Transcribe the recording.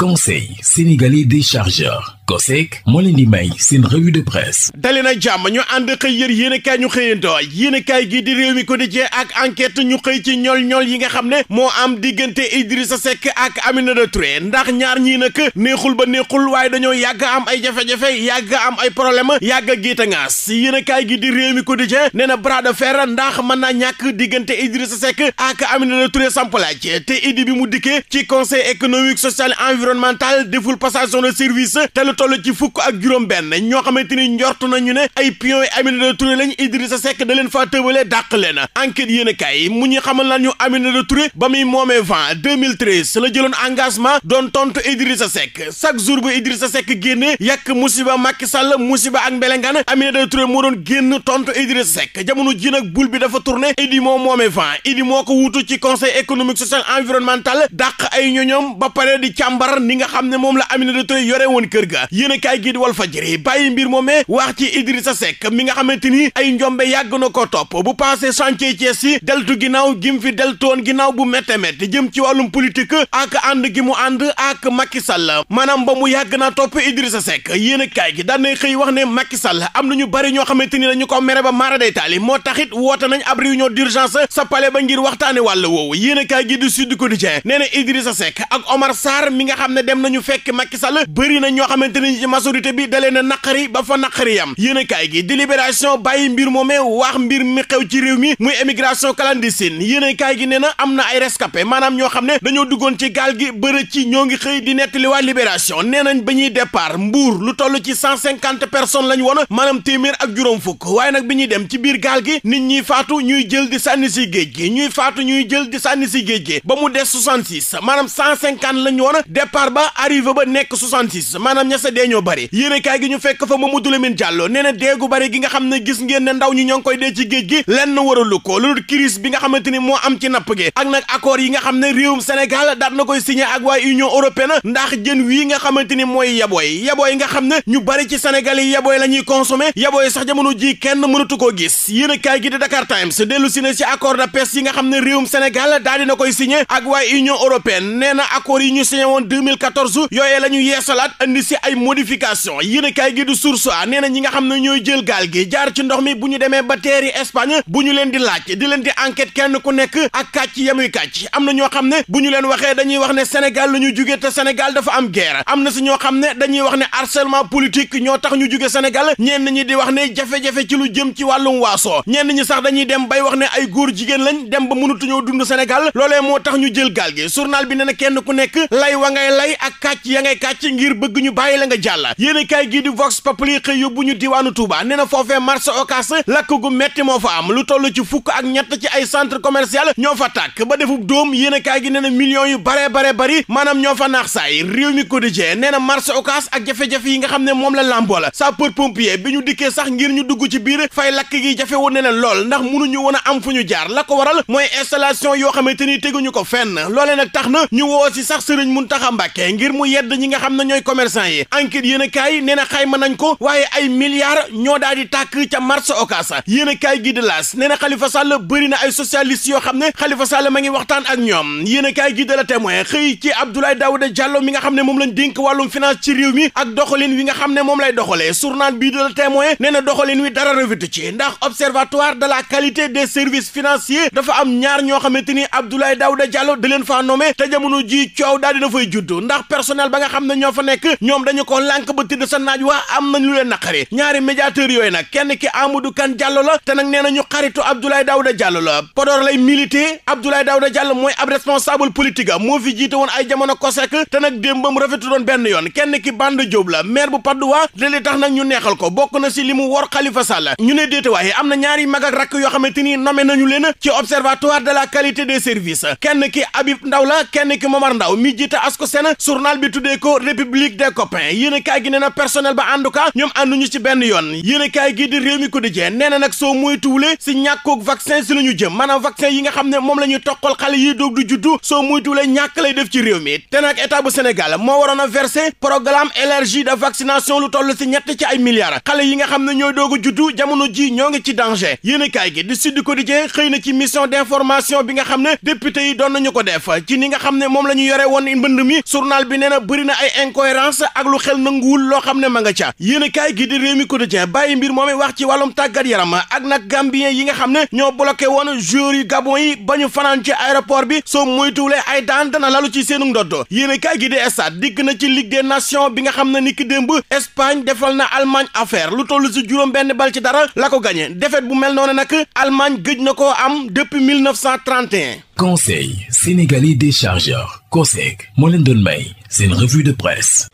conseil sénégalais des chargeurs COSEC moo leen di may seen revue de presse dali na jàmm ñu ànd xëy yër yéenekaay ñu xëyandoo yéenekaay gi di réew mi quotidien ak enquête ñu xëy ci ñool ñool yi nga xam ne moo am diggante Idrissa Seck ak Aminata Touré ndax ñaar ñii nag neexul ba neexul waaye dañoo yàgg am ay jafe-jafe yàgg am ay problème yàgg a géeta ngaas yéenekaay gi di réew mi quotidien nee na bras de fer ndax ma naa ñàkk diggante Idrissa Seck ak Aminata Touré sampalaaj te iddi bi mu dikkee ci conseil économique social environnemental deful passation de service te lu ci fukk ak juróom-benn ñoo xamante ni njort nañu ne ay pion yi Aminata Touré lañ Idrissa Seck da leen faa tëbalee dàq leen enquête yéen a kaay mu ñu xamal naa ñu Aminata Touré ba muy moomee vent 2013 la jëloon engagement doon tontu Idrissa Seck chaque jour bu Idrissa Seck génnee yàq musiba Macky Sall musiba ak mbelengaan Aminata Touré moo doon génn tontu Idrissa Seck jamono ji nag bul bi dafa tourné Idi moo moomee vent Idi moo ko wuutu yor ni nga xam ne moom la Aminata Touré yore woon kër ga yéen a kaay gi di Walf Fadjri bàyyi mbir moomee wax ci Idrissa Seck mi nga xamante ni ay njombe yàgg na ko topp bu passé chantier Thiès yi deltu ginnaaw gim fi deltoon ginnaaw bu métte métte jëm ci wàllum politique ak ànd gi mu ànd ak Macky Sall maanaam ba mu yàgg naa topp Idrissa Seck yéen a kaay gi daan na wax ne Macky Sall am na ñu bari ñoo xamante ni ñu ko mere ba maara day taali moo taxit woote nañ ab réunion d'urgence ngir waxtaane wàll woowu yéen a kaay gi du Sud Quotidien nee ne dem nañu fekk Macky Sall bëri na ñoo xamante ni ci majorité bi dalee na naqari ba fa naqari yam yéen a kaay gi délibération bàyyi mbir moomee wax mbir mi xew ci réew mi muy émigration clandestine yéen a kaay gi nee na am na ay rescapé maanaam ñoo xam ne dañoo duggoon ci gaal gi ci ñoo ngi xëy di nettali waa libération nee nañ ba ñuy départ mbuur lu toll ci cent cinquante personnes lañ woon maanaam téeméer ak juróom fukk waaye nag bi ñuy dem ci biir gaal gi nit ñi faatu ñuy jël di sànni si géej gi ñuy faatu ñuy jël di sànni si géej gi ba mu des soixante six maanaam cent cinquante lañ woon départ départ ba arrivé nekk 66 maanaam ña sa dee ñoo bëri yéene kaay gi ñu fekk fa Mamadou Lamine Diallo nee na dee gi nga xam ne gis ngeen ne ndaw ñi ñoo ngi koy dee ci géej gi lenn waralu ko loolu crise bi nga xamante ni moo am ci napp gi ak nag accord yi nga xam ne réewum Sénégal daat na koy signé ak waa Union européenne ndax jën wii nga xamante ni mooy yabooy yabooy nga xam ne ñu bëri ci Sénégal yi yabooy la ñuy consommé yabooy sax jamono ji kenn mënatu koo gis yéene kaay gi si ne ci accord de xam ne réewum Sénégal daal yi ñu signé woon 2014 yooyee la ñu yeesalaat andi si ay modification yéen kaay gi du source nee na ñi nga xam ne ñooy jël gaal gi jaar ci ndox mi bu ñu demee ba teeri Espagne bu ñu leen di laaj di leen di enquête kenn ku nekk ak kàcc yamuy kàcc am na ñoo xam ne bu ñu leen waxee dañuy wax ne Sénégal la ñu jugee te Sénégal dafa am guerre am na si ñoo xam ne dañuy wax ne harcèlement politique ñoo tax ñu jugee Sénégal ñenn ñi di wax ne jafe-jafe ci lu jëm ci wàllum waaso ñenn ñi sax dañuy dem bay wax ne ay góor jigéen lañ dem ba mënutuñoo dund Sénégal moo tax ñu jël gaal gi journal ngay lay ak kàcc ya ngay kàcc ngir bëgg ñu bàyyi la nga jàll yéen kaay gii di vox populi yóbbu ñu diwaanu Touba nee na foofee marché Ocass lakk gu metti moo fa am lu toll ci fukk ak ñett ci ay centre commercial ñoo fa tàkk ba defub dóom yéen kaay gi nee millions yu bare bare bari maanaam ñoo fa naax saay réew mi quotidien nee na marché Ocass ak jafe-jafe yi nga xam ne moom la làmboo la sapeur pompier bi ñu dikkee sax ngir ñu dugg ci biir fay lakk gi jafe woon ne leen lool ndax mënuñu woon a am fu jaar la waral mooy installation yoo xamante ni teguñu ko fenn loolee nag tax na ñu woo si sax sëriñ Muntaxa Mbàkke ngir mu yedd ñi nga xam ne ñooy commerçant yi enquête yéen a kaay nee xayma nañ ko waaye ay milliards ñoo daal di ca marché Ocass yéen a kaay gi di laas nee na ay socialiste yoo xam ne Khalifa Sall ma ngi waxtaan ak ñoom yéen a kaay gi la témoin xëy ci Abdoulaye Daouda Diallo mi nga xam ne moom lay doxalee journal bii la témoin nee na wi dara revitu ci ndax observatoire de la qualité des services financiers dafa am ñaar ñoo xamante ni Abdoulaye Daouda Diallo jiitu ndax personnel ba nga xam ne ñoo fa nekk ñoom dañu ko lànk ba tëdd sa naaj waa am nañ lu leen naqari ñaari médiateur yooyu nag kenn ki Amadou Kane Diallo la te nag nee na ñu xaritu Abdoulaye Daouda Diallo la Podor lay milité Abdoulaye Daouda Diallo mooy ab responsable politique moo fi jiite woon ay jamono COSEC te nag démbam rafetu doon benn yoon kenn ki Bande Diop la maire bu Patte d'Oie li tax nag ñu neexal ko bokk na si li mu wor Khalifa Sall ñu ne déete waaye am ñaari mag ak rakk yoo xamante ni nommé nañu leen ci observatoire de la qualité des services kenn ki Habib Ndaw la kenn ki Momar Ndaw mi jiite seen journal bi tuddee ko république des copains yéen a kaay gi nee na personnel ba en tout cas ñoom ànduñu ci benn yoon yéen a kaay gi di réew mi quotidien nee na nag soo moytuwulee si ñàkkook vaccin si la jëm maanaam vaccin yi nga xam ne moom la ñuy toqal xale yi doog du juddu soo moytuwulee ñàkk lay def ci réew mi te nag état bu Sénégal moo waroon a verser programme élargi de vaccination lu toll si ñett ci ay milliards xale yi nga xam ne ñooy doog a juddu jamono ji ñoo ngi ci danger yéen a kaay gi di Sud ci mission d'information bi nga xam ne député yi doon nañu ko def ci ni nga xam ne moom la ñu yore woon mbënd mi journal bi nee na bëri na ay incohérence ak lu xel nanguwul loo xam ne ma nga ca yéen a kaay gi di réew mi quotidien bàyyi mbir moom wax ci wàllum tàggat yaram ak nag gambien yi nga xam ne ñoo bloqué woon joueurs yu gabon yi ba ñu fanaan ci aéroport bi soo moytuwulee ay daan dana lalu ci seenu ndodd yéen a kaay gi di stade dikk na ci ligue des nations bi nga xam ne ni ki démb Espagne defal na Allemagne affaire lu toll si juróom benn bal ci dara la ko gagné défaite bu mel noonu nag Allemagne gëj na koo am depuis 1931 conseil sénégalais des chargeurs COSEC moo leen doon may seen revue de presse